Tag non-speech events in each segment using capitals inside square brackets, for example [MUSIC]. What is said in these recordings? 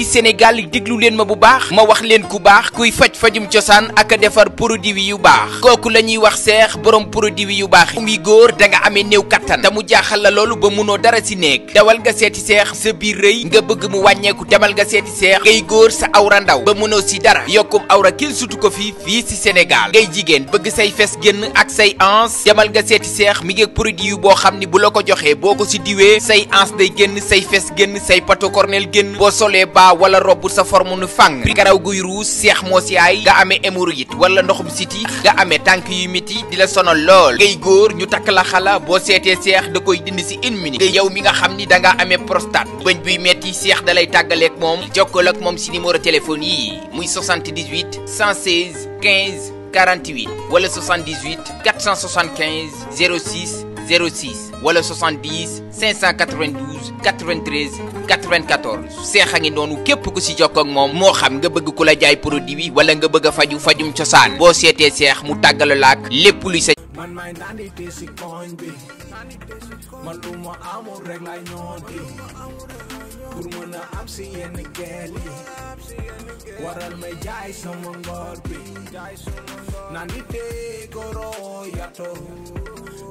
mbokki Sénégal déglu leen ma bu baax ma wax leen ku baax kuy faj fajum cosaan ak a defar produit yu baax kooku la ñuy wax seex borom produit yu baax muy góor da nga amee néew kattan te mu jaaxal la loolu ba mënoo dara si néeg dawal nga seeti seex sa biir rëy nga bëgg mu wàññeeku demal nga seeti seex ngay góor sa awra ndaw ba mënoo si dara yokkum awra kenn sutu ko fii fii si Sénégal ngay jigéen bëgg say fes génn ak say ans demal nga seeti seex mi ngi produit yu boo xam ni bu la ko joxee boo ko say ans day génn say fes génn blanc wala rob bu sa forme nu fàng karaw guy ruus seex moo si aay nga amee hémorroïde wala ndoxum siti nga amee tànk yu miti di la sonal lool ngay góor ñu takk la xalaa boo seetee seex da koy dind si une minute yow mi nga xam ni da ngaa amee prostate bëñ buy metti seex da lay tàggaleeg moom jokkal ak moom si numéro téléphone yii muy 78 116 15 48 wala 78 475 06 06 wala 70 592 93 94 seex a ngi noonu képp ku si jokkoo ak moom moo xam nga bëgg ku la jaay produit bi wala nga bëgg faju fajum cosaan boo seetee seex mu tàggala laak lépp luy sa man may nandi te si koñ bi man lu ma amul rek lay ñooti pour mën a am si yenn gel yi waral may jaay sama ngor bi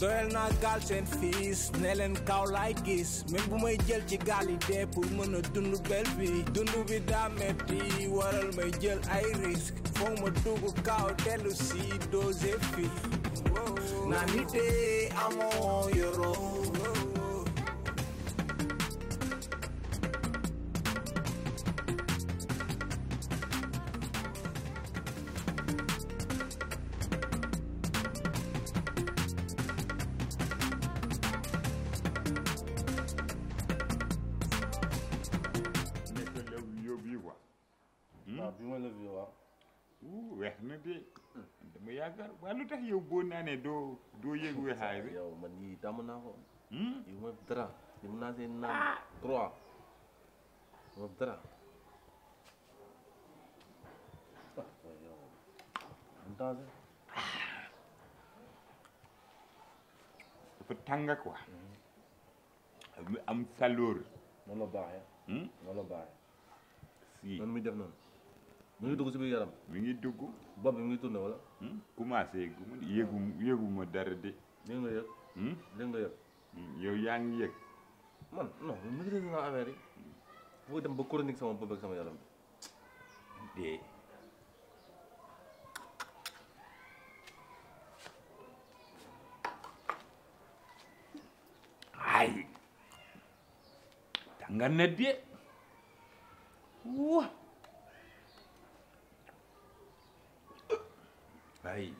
doyal naa gaal seen fiis ne leen kaw laay gis même bu may jël ci gaal yi dee pour mën a dund bel bi dund bi daa metti waral may jël ay risque foog ma dugg kaw dellu si dose fi naa nitee amoo yoroo weex na de dama yaakaar waaye lu tax yow boo naanee doo doo yëg weexaay bi yow man yii tàmm naa ko hmm? yi ma dara yi mu naa see naan ah! trois ma dara ah! dafa tàng quoi hmm. am saloor noonu la baaxee hmm? noonu la baaxee si noonu muy def noonu mi ngi dugg ci biir yaram mi ngi dugg bob bi mi ngi tourné wala commencé gu mu yegu yegu ma dara de li nga yeg li nga yeg yow yaa ngi yeg man non mi ngi dégg naa affaire yi bu dem ba chronique sama bob ak sama yaram bi dee ay tanga na de wah bay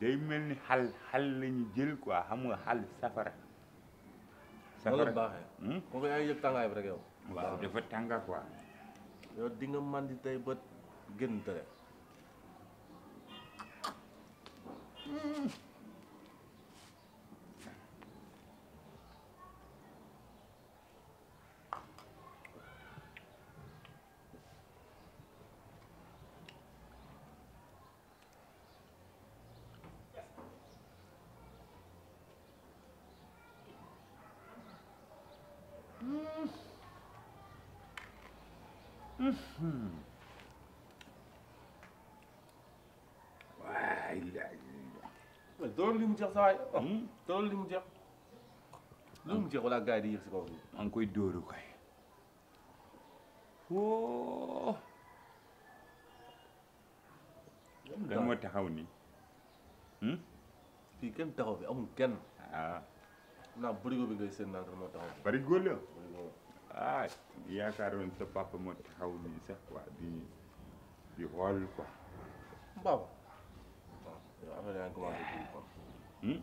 day mel ni xal xal la ñu jël quoi xam nga xal safara. safara baaxee. kon hmm? yaa ngi yëg tàngaay bi rek yow. dafa tànga quoi. yow di nga mandi tey ba gën tere. Hmm. waay laaj doon li mu jeex sa waay doon li mu jeex li mu jeex wala gars yi di yéex si kaw bi maa ngi koy dóoru koy o lan moo taxaw ni fii kenn taxaw fi amul kenn ah naa bërigo bi ngay seen naa moo taxaw fi bërigo la ah yaakaaroon sa papa moo taxaw nii sax quoi di di xool quoi. waaw. waaw am ah, na yaa ngi commencé kii quoi. Hmm?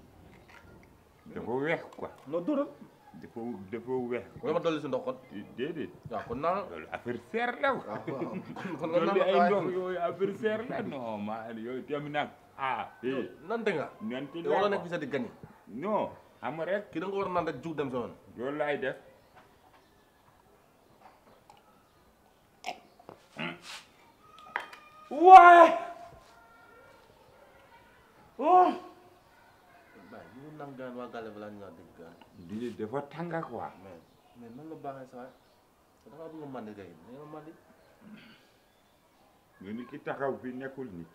dafa weex quoi. non dóoral. dafa dafa weex. wala ma dolli si ndox kon. déedéet. waaw kon naa loolu affaire seer la ah, waaw [LAUGHS] kon loolu ay ndox yooyu affaire seer la non maa yooyu tamit nag ah. eh nante nga. nante nga waaw te wala nekk bisa di gani. non xam nga rek. ki da nga war a naan rek jug dem sa yoon. loolu laay def. waaye oh. lii dafa tànga quoi. mais nan la baaxee sa waay dafa bëgg mandi kay nga mandi. ñu ni ki taxaw fi nekkul nit.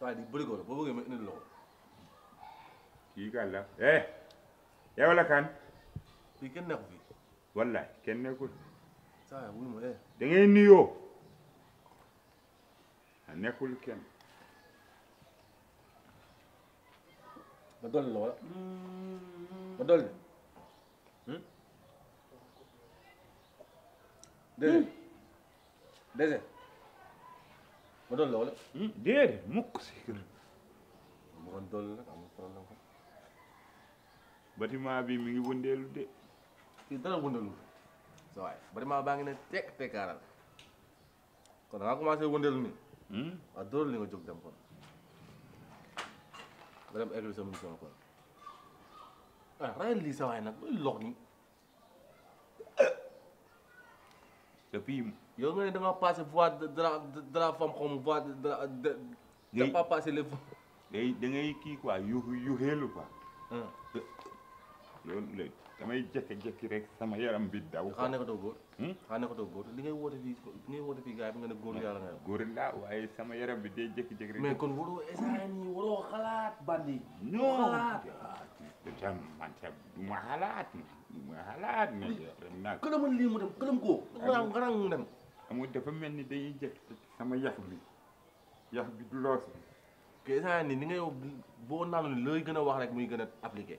waaye di bëri ko la boo bëggee ma indil la kii ka la eh yow kan. fii kenn nekkul fii. wallaay kenn nekkul. saa wul ma eh. da neexul kenn. ma dolli la ma dolli. Hmm? déedéet hmm. déedéet ma hmm? si kër. ma doon dolli bi mi ngi wëndeelu de. kii dara wëndeelu. sa waay bâtiment baa ngi ne tekk tekkaaral kon da ngaa commencé wëndeelu nii. waaw doole li nga jóg dem kon nga dem egli sa mission kon ah rayal lii sa waay nag muy lox nii depuis yow nga ne danga passé voie de dra dra femme xaw ma voie de da pas passé les voies. da ngay kii quoi yu yu xeelu quoi. loolu léegi damay jékki-jékki rek sama yaram bi daw. xanaa ah, nekkatoo góor. xanaa hmm? ah, nekkatoo góor li ngay woote fii li ngay woote fii gars yi nga ne góor yàlla nga. góor laa waaye sama yaram bi day jékki-jékki rek. mais kon waroo esaan yi waroo xalaat bandi. non xalaat. dèjà ah, man ca du ma xalaat du ma xalaat. këlamu lii mu dem këlam koo. xanaa xanaa mu dem. amul dafa mel ni dañuy jékki sama yax bi yax bi du loos. que esaan ni ni ngay boo naan looy gën a wax rek muy gën a appliqué.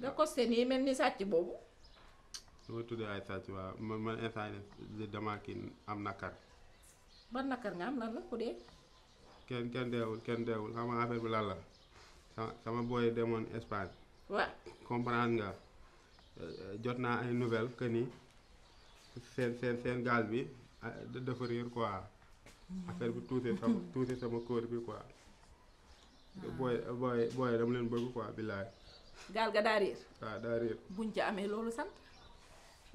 nga costé nii mel ni sàcc boobu. su ma tuddee ay sàcc waaw am nakar. ban nakar nga am lan la ku bi lan la sama booy demoon Espagne. waaw euh, jot naa ay nouvelles que ni seen seen bi euh, dafa réer quoi. affaire bi tuuse sama hmm. tuuse sama ah. booy booy booy dama leen bëgg quoi billaay. gaal ga ah, daa réer. buñ ca amee loolu sant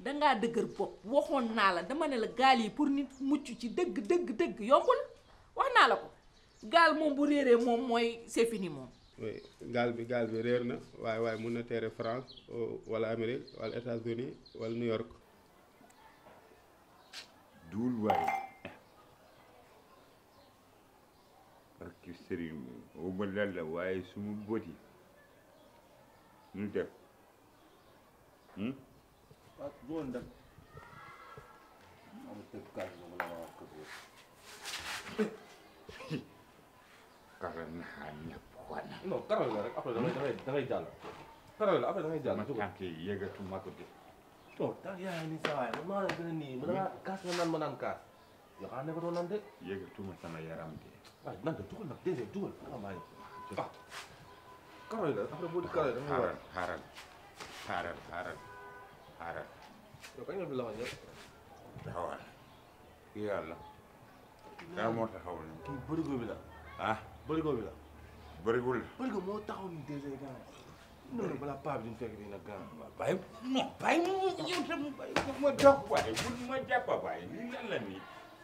dangaa dëgër bopp waxoon naa la dama ne la gaal yi pour nit mucc ci dëgg dëgg dëgg yombul wax naa la ko gaal moom bu réeree moom mooy c'est fini moom. gaal bi gaal bi réer na waaye waaye mun na teere France euh, wala Amérique wala États-Unis wala New York. duul waay parce que sëriñ moom la waaye su ma boti ñu teg waaw doon def am tëb kaas boobu la ma wax ko karal naa ñëpp wana non karal la rek après da ngay da ngay jàll karal la après da ngay jàll ma tànk yi yëgatu ma ko de non tànk sa ma la a nii nga naan ma naan kaas yoo xam ne ko doon naan de yëgatuma sama yaram de waaye nan de dugal nag dèjà dugal maa ngi ah karoy la après boo di karoy da nga war xaaral xaaral xaaral xaaral. yow kañ nga fi loxo ñëpp. taxawal kii yàlla. daa moo taxawal nii. kii bërigo bi la. ah bërigo bi la. bërigo la bërigo taxaw nii deux heures gàncax. non paa bi duñ fekk dina gàncax. bàyyi non bàyyi ma yow tam bàyyi ma dox waaye bu ma jàpp waaye ñu lan la nii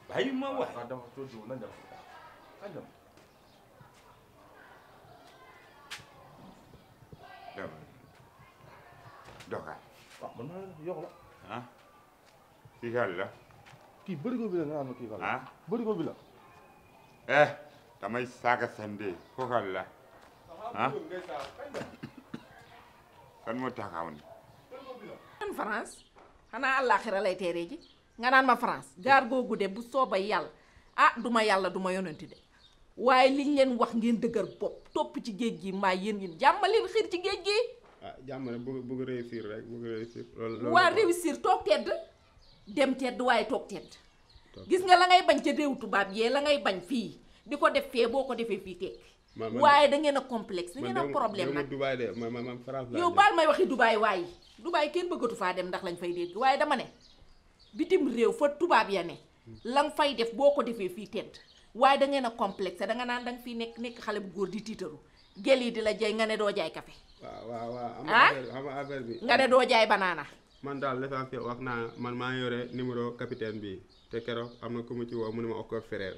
bàyyi ma waaye. ah dama tóo jiw lan dem man maa la yokk la. ah kii xel la. kii bërigo bi la nga naan ma ah bërigo bi la. eh damay saaga sande ko xel la ah. kan mau taxaw ni. man France xanaa àllaaxira lay teeree ji nga ma France jaar googu de bu sooba ah duma lah duma yonanti de waaye liñ leen wax ngeen dëgër bopp topp ci géej gi mbaa yéen yéen jàmmaleen ci géej ah jàmm ne bëgg bëgg réussir rek bëgg réussir. loolu loolu waa réussir toog tedd dem tedd waaye toog tedd. gis nga la ngay bañ ca réew tubaab yee la ngay bañ fii di ko def fee boo ko defee fii tekk waaye da ngeen a complexe da ngeen a problème nag Dubaay de man man France yow baal may waxi Dubaay waaye Dubaay kenn bëggatu faa dem ndax lañ fay dégg waaye dama ne bitim réew fa tubaab ya ne la fay def boo ko defee fii tedd waaye da ngeen a da nga naan da nga fii nekk nekk xale bu góor di tiitaru gel yi di la jay nga ne doo jaay café waaw waaw waaw ah? xam nga bi nga ne doo jaay banaana man daal l'essentiel wax naa man maa yore numéro capitaine bi te keroog am na ku mu ci woo mu ne ma ok frère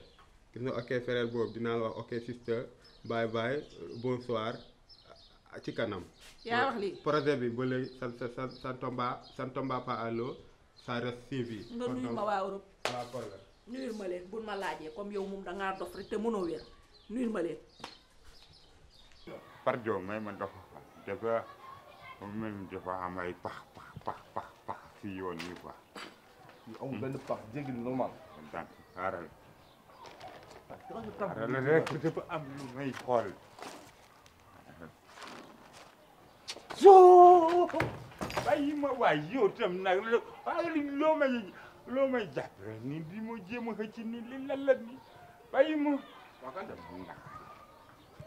gis nga ok frère boobu dinaa la wax ok sister bye bye bonsoir ci kanam yaa wax lii projet bi ba léegi sa sa sa tomba sa tomba pas à l'eau ça reste nga nuyu ma waa Europe nuyul ma leen buñ ma laajee comme yow moom dangaa dof rek te mënoo wér farjo may ma dox dafa mel ni pax pax pax pax pax si yoon yi quoi. yu amul benn pax jéggi normal. kontaan xaaral. xaaral rek dafa am lu may xool. ma waay yow tam nag loo may loo ma jéem ni li lan ni bàyyi ma.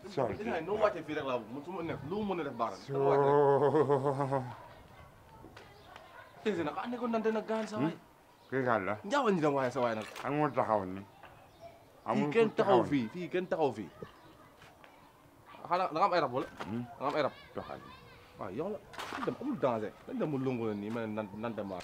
sànq li nga noo wàccee fii rek laa bëgg su ma nekk lu mu mën a def baax na. soo. nag andi ah, ko nante nag gaan sa waay. kii hmm? kan la. njaawal ñu dem waaye sa waay nag. an moo taxaw ni. amul kenn taxaw fii fii kenn taxaw fii. xanaa da nga am ay rab wala. Hmm? da nga am ay rab. taxaw waaw yow la dañ dem amul danger dañ dem la nii ma ne nante maa.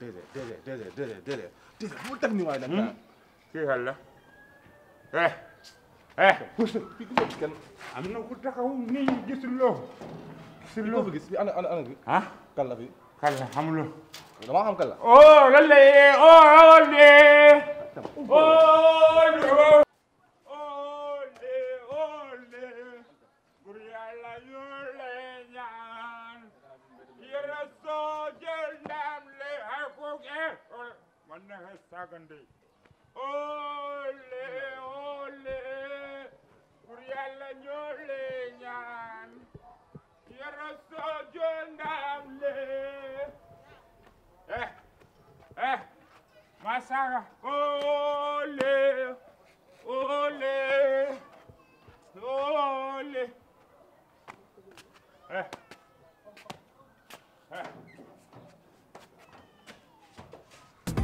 ديدي ديدي ديدي ديدي ديدي ديدي مو تقني وايد انت كيف هلا؟ ايه ايه قلت لك في قلت كان عملنا قلت لك هو منين جس له جس له انا انا انا ها؟ كلا في كلا حمله ما هم كلا اوه لا اوه اوه اوه wannan hassagan dai ole ole kuriyalla nyole nyan yaraso jondamle eh eh masaga oh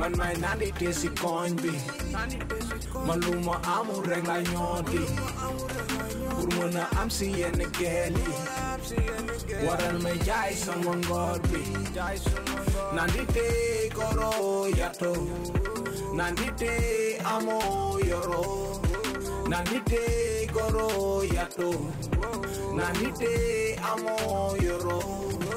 Men mig nandi desi koinbi Maluma amu regla nyodi Urmuna amsi yene geli Waran me jai sangon gorbi Nandi te koro yato Nandi te amo yoro Nandi te koro yato Nandi te amo yoro